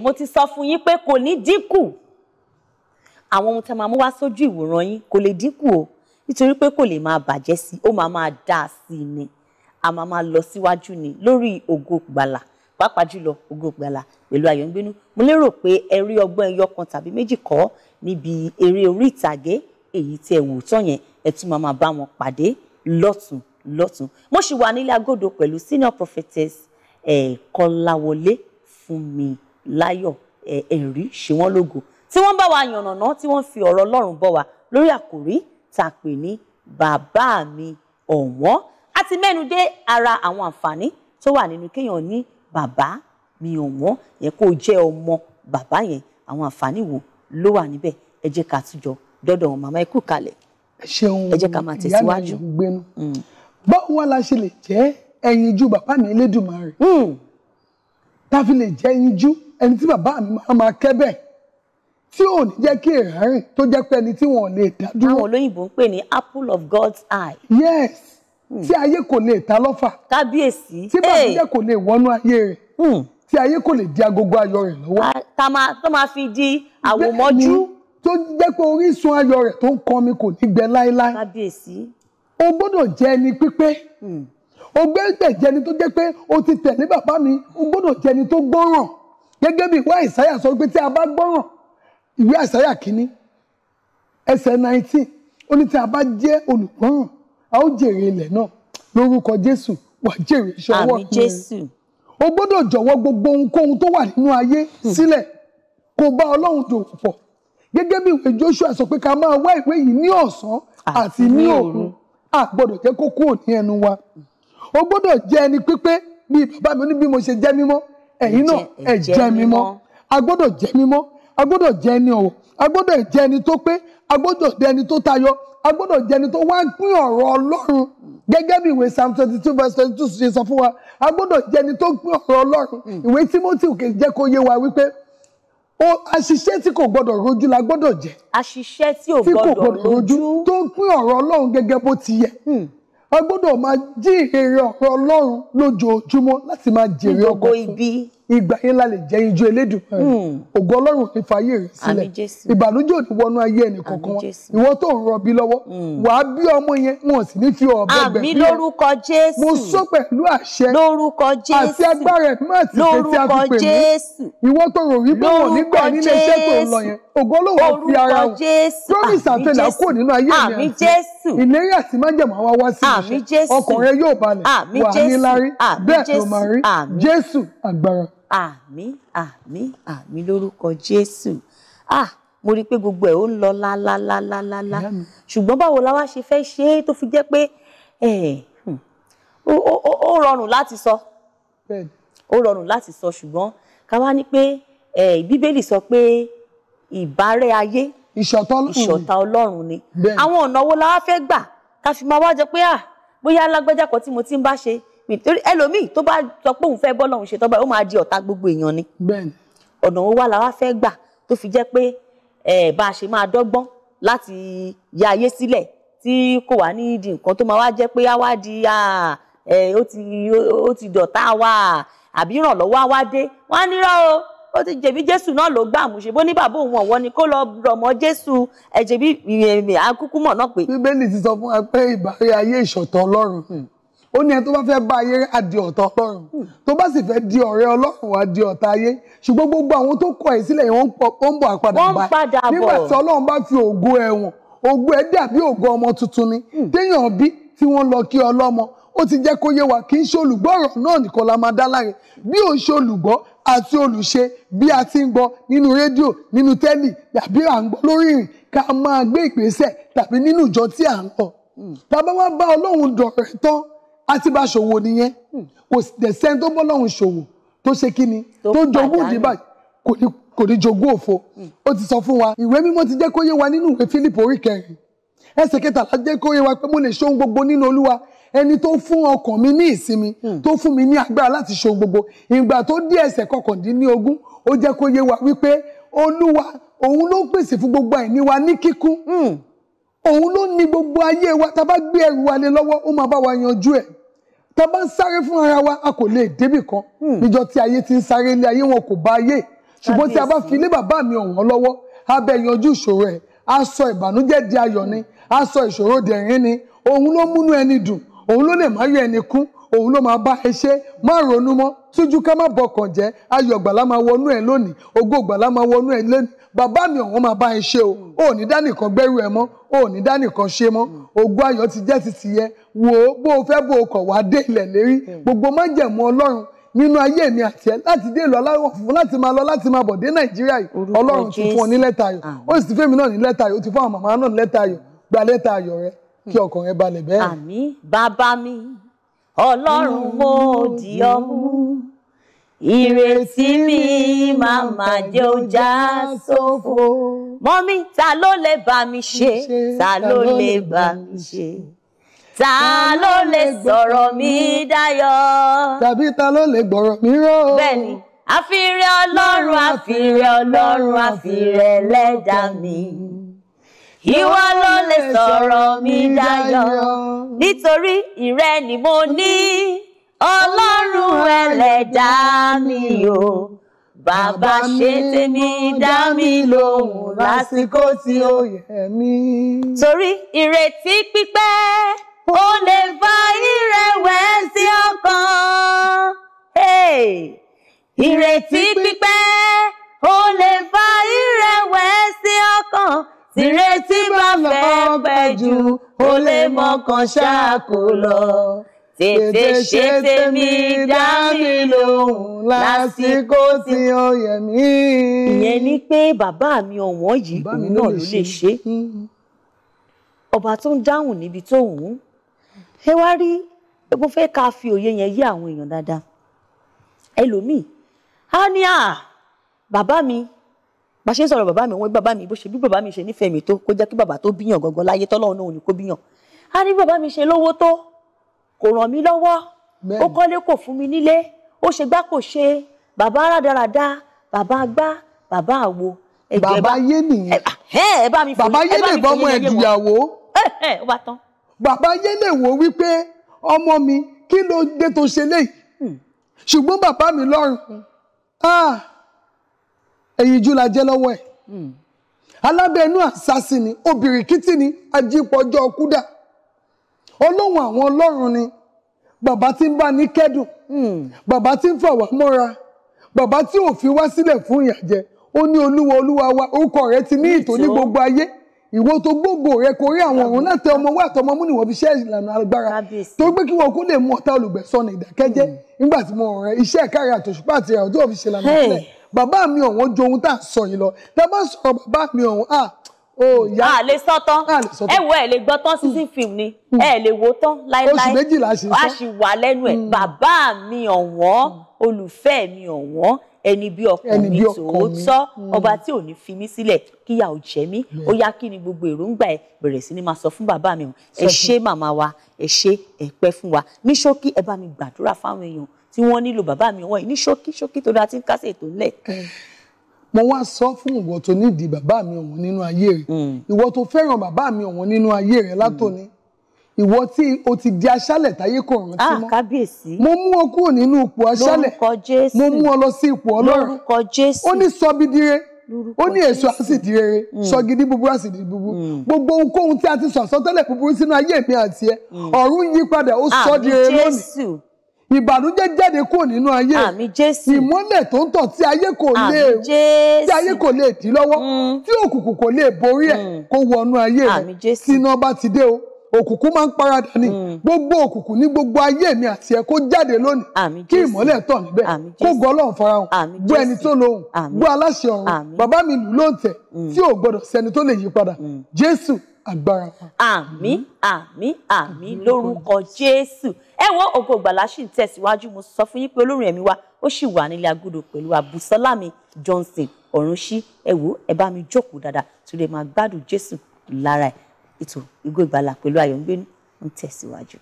mo ti sọ fún yín pé kò ní dínkù àwọn ohun tẹ́ máa mú wá sójú ìwòran yín kò lè dínkù o nítorí pé kò lè máa bàjẹ́ sí ó máa máa dá a sí i ni a máa máa lọ síwájú ni lórí Ògo Ìgbàlà pàápàá jùlọ Ògo Ìgbàlà pẹ̀lú Ayọ̀ńgbénú mo lérò pé ẹ rí ọgbọ́n ẹyọ kan tàbí méjì kọ́ níbi eré orí ìtàgé èyí tí ẹ wò tán yẹn ẹ tún máa máa bá wọn pàdé lọ́tún lọ́tún mo sì wà nílé agodo pẹ̀lú senior prophetess eh, Kọ́láwọlé Fúnmi láyọ̀ ẹ̀rí ṣe wọ́n lógo tí wọ́n bá wa yànnàná tí wọ́n fi ọ̀rọ̀ ọlọ́run bọ̀ wá lórí àkòrí tá pè ní bàbá mi ọ̀wọ́n a ti dé ara àwọn àǹfààní tó wà nínú kéèyàn ní bàbá mi ọ̀wọ́n yẹn kó jẹ́ ọmọ bàbá yẹn àwọn àǹfààní wo ló wà níbẹ̀ ẹ jẹ́ ká tún jọ dọ́dọ̀ wọn màmá ẹ kú kalẹ̀ ẹ jẹ́ ká máa tẹ̀síwájú. Mm. báwo wá la ṣe lè jẹ́ ẹyinjú bàbá mi Elédùmarè hmm tá fi lè jẹ́ ẹni tí bàbá mi máa máa kẹ́ tí ò ní jẹ́ kí ìrárìn tó jẹ́ pé ẹni tí wọ́n lè dá dúró. àwọn olóyìnbó ń pè ní apple of God's eye. yes hmm. tí ayé kò lè ta lọ́fà. kábíyèsí tí bàbá jẹ́ kò lè wọnú ayé rẹ̀ hmm. tí ayé kò lè di agogo ayọ̀ rẹ̀ lọ́wọ́. tó máa fi di àwòmọ́jú. tó jẹ́ pé orísun ayọ̀ rẹ̀ tó ń kọ́ mi kò ní gbẹ láéláé. kábíyèsí. o gbọ́dọ̀ jẹ́ ẹni pípé. Hmm o gbẹ́gbẹ́ jẹni tó jẹ́ pé o ti tẹ̀lé bàbá mi o gbọ́dọ̀ jẹni tó gbọ́ràn gẹ́gẹ́ bí ìwé àìsáyà sọ pé tí a bá gbọ́ràn ìwé àìsáyà kínní ẹsẹ̀ nineteen ó ní tí a bá jẹ́ olùgbọ́ràn a ó jèrè ilẹ̀ náà lórúkọ Jésù wà jèrè iṣẹ́ ọwọ́ mi o gbọ́dọ̀ jọ̀wọ́ gbogbo ohunkóhun tó wà nínú ayé sílẹ̀ kó bá Ọlọ́run dòwò pọ̀ gẹ́gẹ́ bí ìwé Joshua sọ pé ká máa wá ìwé yìí ní ọ̀sán àti ní òru a gbọ́dọ̀ jẹ́ kó ẹnu wa ó gbọ́dọ̀ jẹ́ ẹni pípé bí bàbá mi ní bí mo ṣe jẹ́ mímọ́ ẹ̀yin náà ẹ jẹ́ mímọ́ a gbọ́dọ̀ jẹ́ mímọ́ a gbọ́dọ̀ jẹ́ ẹni ọ̀wọ̀ a gbọ́dọ̀ jẹ́ ẹni tó pé a gbọ́dọ̀ jẹ́ ẹni tó tayọ a gbọ́dọ̀ jẹ́ ẹni tó wá ń pín ọ̀rọ̀ Ọlọ́run gẹ́gẹ́ bí ìwé psalm twenty two verse twenty two ṣe sọ fún wa a gbọ́dọ̀ jẹ́ ẹni tó pín ọ̀rọ̀ Ọlọ́run ìwé Timothy kè jẹ́ kó yé wa wípé o àṣìṣe tí kò gbọ́dọ̀ rojú la gbọ́dọ̀ jẹ́ àṣìṣe tí ò gbọ́dọ̀ rojú tó ń pín ọ̀rọ̀ Ọlọ́run gẹ́gẹ́ bó ti yẹ hmm a gbọ́dọ̀ máa jí èrè ọ̀rọ̀ Ọlọ́run lójoojúmọ́ láti máa jèrè ọkọ̀ ibi ìgbà yẹn la lè jẹ ijó elédùn hmm. ògo Ọlọ́run ní fàyè rẹ sílẹ̀ ìbànújẹ́ òní wọnú ayé ẹnì kankan ìwọ tó ń rọbí lọ́wọ́ hmm. wàá bí ọmọ yẹn wọn sì ní fi ọ̀bẹ gbẹ̀bí àmì lórúkọ Jésù mo sọ pẹ̀lú àṣẹ lórúkọ Jésù àti agbára ẹ̀mí àti ìfẹsí àfipè mi ìwọ tó rò wípé wọn nígbà nílé iṣẹ́ tó ń lọ yẹn ògo Ọlọ́run fi ara wọn promise àtẹlẹ kúrò nínú ayé mi àti ìlérí àti májèmọ àwa wá sí ìṣẹ́ ọkàn rẹ yóò balẹ̀ wà níláárí bẹ́ẹ̀ ló máa rí Jésù agbára àmín àmín àmín lórúkọ Jésù ah mo rí i pé gbogbo ẹ̀ ó ń lọ lálálálálá ṣùgbọ́n báwo la wá ṣe fẹ́ ṣe é tó fi jẹ́ pé hmm, ó rọrùn láti sọ ó rọrùn láti sọ ṣùgbọ́n ká wá ní pé bíbélì sọ pé ìbárẹ́ ayé ìṣọ̀tá ọlọ́run ni àwọn ọ̀nà wo la wá fẹ́ gbà ká fi máa wá jẹ pé bóyá alágbẹ́jà kan tí mo ti ń bá ṣe nítorí ẹlòmíì tó bá sọ pé òun fẹ́ bọ́ lọ́hùn ṣe tọ́gbà ó máa di ọ̀tá gbogbo èèyàn ni. bẹ́ẹ̀ni. ọ̀nà wo wá la wá fẹ́ gbà tó fi jẹ́ pé bá a ṣe máa dọ́gbọ́n láti ya ayé sílẹ̀ tí kò wá ní di nǹkan tó máa wá jẹ́ pé á wá di ó ti dọ̀tá wa àbí ìrànlọ́wọ́ á wá dé wọ́n á nírọ́ o ó ti jẹ̀bi jésù náà ló gbà mú ṣebó ní bàbá òun ọ̀wọ́ ni kó lọ rọ̀mọ́ jésù ẹ̀jẹ̀bi akúkú mọ̀ náà pé. bíbélì ti sọ fún wa pé ìbárí ayé ìṣọ̀tọ̀ ọlọ́run ó ní ẹni tó bá fẹ́ bá ayé á di ọ̀tá ọlọ́run tó bá sì fẹ́ di ọ̀rẹ́ ọlọ́run wá di ọ̀tá ayé ṣùgbọ́n gbogbo àwọn tó kọ̀ ẹ́ sílẹ̀ yẹn ó ń bọ̀ àpadà báyìí nígbà tí ọlọ́run bá fi ògo ẹ̀ wọ̀n ògo ẹ̀ dàbí ògo ọmọ tuntun ni hmm. téèyàn bí tí wọ́n lọ kí ọlọ́mọ ó ti jẹ́ kó yé wa kì í ṣe olùgbọ́ ọ̀rọ̀ náà nìkan la máa dá láre bí ò ń ṣe olùgbọ́ àti olùṣe bí a ti ń gbọ́ nínú rédíò nínú tẹ́lì tàbí à ń gbọ́ lórí ìrìn ká máa gbé ìgbésẹ̀ tàbí nínú ìjọ tí à ń lọ. Hmm. tá bá wá bá ọlọ́run dọ̀rẹ́ tán àti bá ṣòwò nìyẹn hmm. kò dẹ̀ sẹ́ni tó bọ́ lọ́hùn ṣòwò tó ṣe kí ni tó jogún òdìbà kò ní jogún òfo hmm. ó ti sọ fún wa ìwé mímọ́ ti jẹ́ kó yé wa nínú ìwé Fílípì orí kẹrin ẹsẹ̀ kẹtàlá jẹ́ kó yé wa pé mo lè ṣe ohun gbogbo nínú Olúwa ẹni tó fún ọkàn mi ní ìsinmi hmm. tó fún mi ní agbára láti ṣe gbogbo ìgbà tó dé ẹsẹ̀ kọkàndínlógún ó jẹ́ kó yé wa wípé Olúwa òun ló pèsè fún gbogbo àìní ní kíkún òun ló ní gbogbo ayé wa tá a bá gbé ẹrù wa lé lọ́wọ́ ó máa bá wa yanjú ẹ̀ tá a bá ń sáré fún ara wa a kò lè débì kan hmm. níjọ́ tí ayé ti ń sáré ilé ayé wọn kò bá ayé ṣùgbọ́n tí a bá fi ilé bàbá mi ọ̀wọ́n lọ́wọ́ a bẹ yanjú ìṣòro ẹ̀ a sọ ìbànújẹ́ di ayọ̀ ni a sọ ìṣòro dẹ̀rín ni òun ló múnú ẹni dùn òun ló lè má yọ ẹni kún òun ló máa bá ẹ ṣe má ronú mọ́ síjú ká má bọkàn jẹ́ ayọ̀ gbàlá máa wọnú ẹ̀ lónìí ògo gbàlá máa wọnú ẹ̀ lónìí bàbá mi ọ̀hún máa bá ẹ ṣe o ò ní dánìkan gbẹ́rù ẹ mọ́ ò ní dánìkan ṣe mọ́ ògo ayọ̀ ti jẹ́ ti tìyẹ wò ó bó o fẹ́ bó o kọ̀ wá dé ilẹ̀ lérí hmm. gbogbo májẹ̀mú ọlọ́run nínú ayé mi àti ẹ láti dé ìlú aláwọ̀ funfun láti máa lọ láti máa bọ̀ dé nàìjíríà yìí ọlọ́run ti fún ọ ní lẹ́tà ayọ̀ ó sì ti fẹ́mi náà ní lẹ́tà ayọ̀ ó ti fún àwọn màmá náà ní lẹ́tà ayọ̀ gba lẹ́tà ayọ̀ rẹ kí ọkàn rẹ balẹ̀ bẹ́ẹ̀. àmín bàbá mi ọlọ́run mo dì ọ́ ìrètí mi máa má jẹ́ ó já sófo. mọ́mí ta ló lè bá mi ṣe ta ló lè bá mi ṣe ta ló lè sọ̀rọ̀ mi dayọ̀. tàbí ta ló lè gbọ̀rọ̀ mi ró. bẹ́ẹ̀ni àfirẹ Ọlọ́run àfirẹ Ọlọ́run àfirẹ Ẹlẹ́dà mi ìwọ ló lè sọ̀rọ̀ mi dayọ̀ nítorí ìrẹ ni mo ní ọlọ́run ẹlẹ́dá mi o bàbá ṣe tèmi dá mi lóhùn lásìkò tí ó yẹ mí. torí ìrètí pípẹ́ ó lè fa ìrẹ̀wẹ̀sì ọkàn. ìrètí pípẹ́ ó lè fa ìrẹ̀wẹ̀sì ọkàn tìrètí bá fẹ́ pẹ́ jù ó lè mọkàn ṣáà kó lọ tètè ṣe tèmi dá mi lóhùn lásìkò tí ó yẹ mí. ìyẹn ni pé bàbá mi ọ̀wọ́n yìí òun náà ló lè ṣe ọba tó ń dáhùn níbi tó wù ú ẹ wá rí mo fẹ́ ká fi òye yẹn yé àwọn èèyàn dáadáa ẹlòmíì á bàbá mi bá sọ̀rọ̀ bàbá mi wọ́n bàbá mi bó ṣe bí bàbá mi ṣe nífẹ̀ẹ́ mi tó kó jẹ́ kí bàbá tó bíyàn gangan láyé tọ́lọ́run náà ò ní kó bíyàn á ní bàbá mi ṣe lówó tó kò ràn mí lọ́wọ́ ó kọ́lé kò fún mi nílé ó ṣe gbá kò ṣe bàbá rádaràda bàbá gbá bàbá àwo. bàbá yé nìyẹn bàbá yé lè bọ́ ọmọ ẹ̀dùyàwó bàbá yé lè wò wípé ọmọ mi kí ló dé tó ṣe léyìí hmm. ṣùgbọ́n bàbá mi lọ́rùn hmm. ẹ̀yìn jù la jẹ́ lọ́wọ́ ẹ̀ hmm. alábẹ́ẹ̀nú àṣàṣì ni obìnrin kìtì ni ajípọ̀jọ́ kúdà ọlọ́run àwọn ọlọ́run ni bàbá tí ń bá ní kẹ́dùn hmm. bàbá tí ń fà wá mọ́ra bàbá tí ò fi wá sílẹ̀ fún ìyàjẹ́ ó ní olúwa olúwa wa orúkọ rẹ ti ní ìtò ní gbogbo ayé ìwọ tó gbogbo rẹ kò rí àwọn ọ̀run náà tẹ ọmọ wá àtọmọ mú níwọ̀n fi ṣe ìlànà agbára tó gbé kí wọn kó lè mú ọ̀tá olùgbẹ̀sọ̀nà ìdákẹ́jẹ́ hmm. nígbà tí mo rẹ iṣẹ́ ẹ̀kárí àtòṣùpá àti ìràwọ̀ tó fi ṣe ìlànà sílẹ̀ bàbá mi ọ̀wọ́n ju ohun tá à sọ yìí lọ tá a bá sọ̀rọ̀ bàbá mi ọ̀wọ́n òòyà a lè sọ tán ẹ wo ẹ lè gbọ́ tán season hmm. film ni hmm. ẹ lè wo tán láéláé oṣù méjìlá ṣe sọ a sì wà lẹ́nu ẹ̀ hmm. bàbá mi ọ̀wọ́n olùfẹ́ mi ọ̀wọ́n ẹni bí ọkàn mi tòótọ́ ọba tí ò ní fi mí sílẹ̀ kíyà ò jẹ́ mí ó yá kí ni gbogbo èròǹgbà ẹ bẹ̀rẹ̀ sí ni máa sọ fún bàbá mi ẹ ṣé màmá wa ẹ ṣé ẹ pẹ́ fún wa ní ṣókí ẹ bá mi gbàdúrà fáwọn èèyàn tí wọ́n nílò bàbá mi wọ̀nyí ní ṣókí ṣókí tó dáa tí ń kásẹ̀ tó lẹ̀. Eh mo wá sọ fún ìwọ tó nídìí bàbá mi ọ̀wọ́n nínú ayé rẹ mm. ìwọ tó fẹ́ràn bàbá mi ọ̀wọ́n nínú ayé rẹ látòní mm. ìwọ tí o ti di aṣálẹ̀ táyé kò rántí ah, mọ́ kábíyèsí mo mú ọ kúrò nínú ipò aṣálẹ̀ mo mú ọ lọ sí ipò ọlọ́run lórúkọ jésù ó ní sọ bí dire ó ní èso àsìdí mm. sọ gidi búburú àsìdí búburú gbogbo ohunkóhun tí a ti sọ àsọtẹ́lẹ̀ búburú sínú ayé mi àti ẹ ọ̀run yí padà ó ah, sọ di lónìí ìbànújẹ́ jáde kúrò nínú ayé ìmọ́lẹ̀ tó ń tàn tí ayé kò lè tí ayé kò lè dí lọ́wọ́ mm. tí òkùnkùn kò lè borí ẹ̀ mm. kó wọnú ayé rẹ̀ tí iná bá ti dé o òkùnkùn máa ń paradà ni mm. gbogbo òkùnkùn ní gbogbo ayé mi àti ẹ kó jáde lónìí kí ìmọ́lẹ̀ tàn níbẹ̀ kó gọ́ ọlọ́run farahàn gbọ́ ẹni tó lóhùn gbọ́ aláṣẹ ọ̀run bàbá mi lù lóǹtẹ̀ tí ò gbọ́dọ̀ sẹ́ni tó lè yí padà Jésù agbára wa. àmín àmín àmín lórúkọ jésù ẹ wo ògo ìgbàlà ṣì ń tẹ̀síwájú mo sọ fún yín pé olórin ẹ̀mí wa ó sì wà nílé agudo pẹ̀lú àbùsọ́lámi johnson ọ̀rúnṣí ẹ wo ẹ bá mi jókòó dáadáa torí ẹ máa gbádùn jésù lára ẹ̀ ètò ògo ìgbàlà pẹ̀lú ayọ̀ ń gbénu ń tẹ̀síwájú.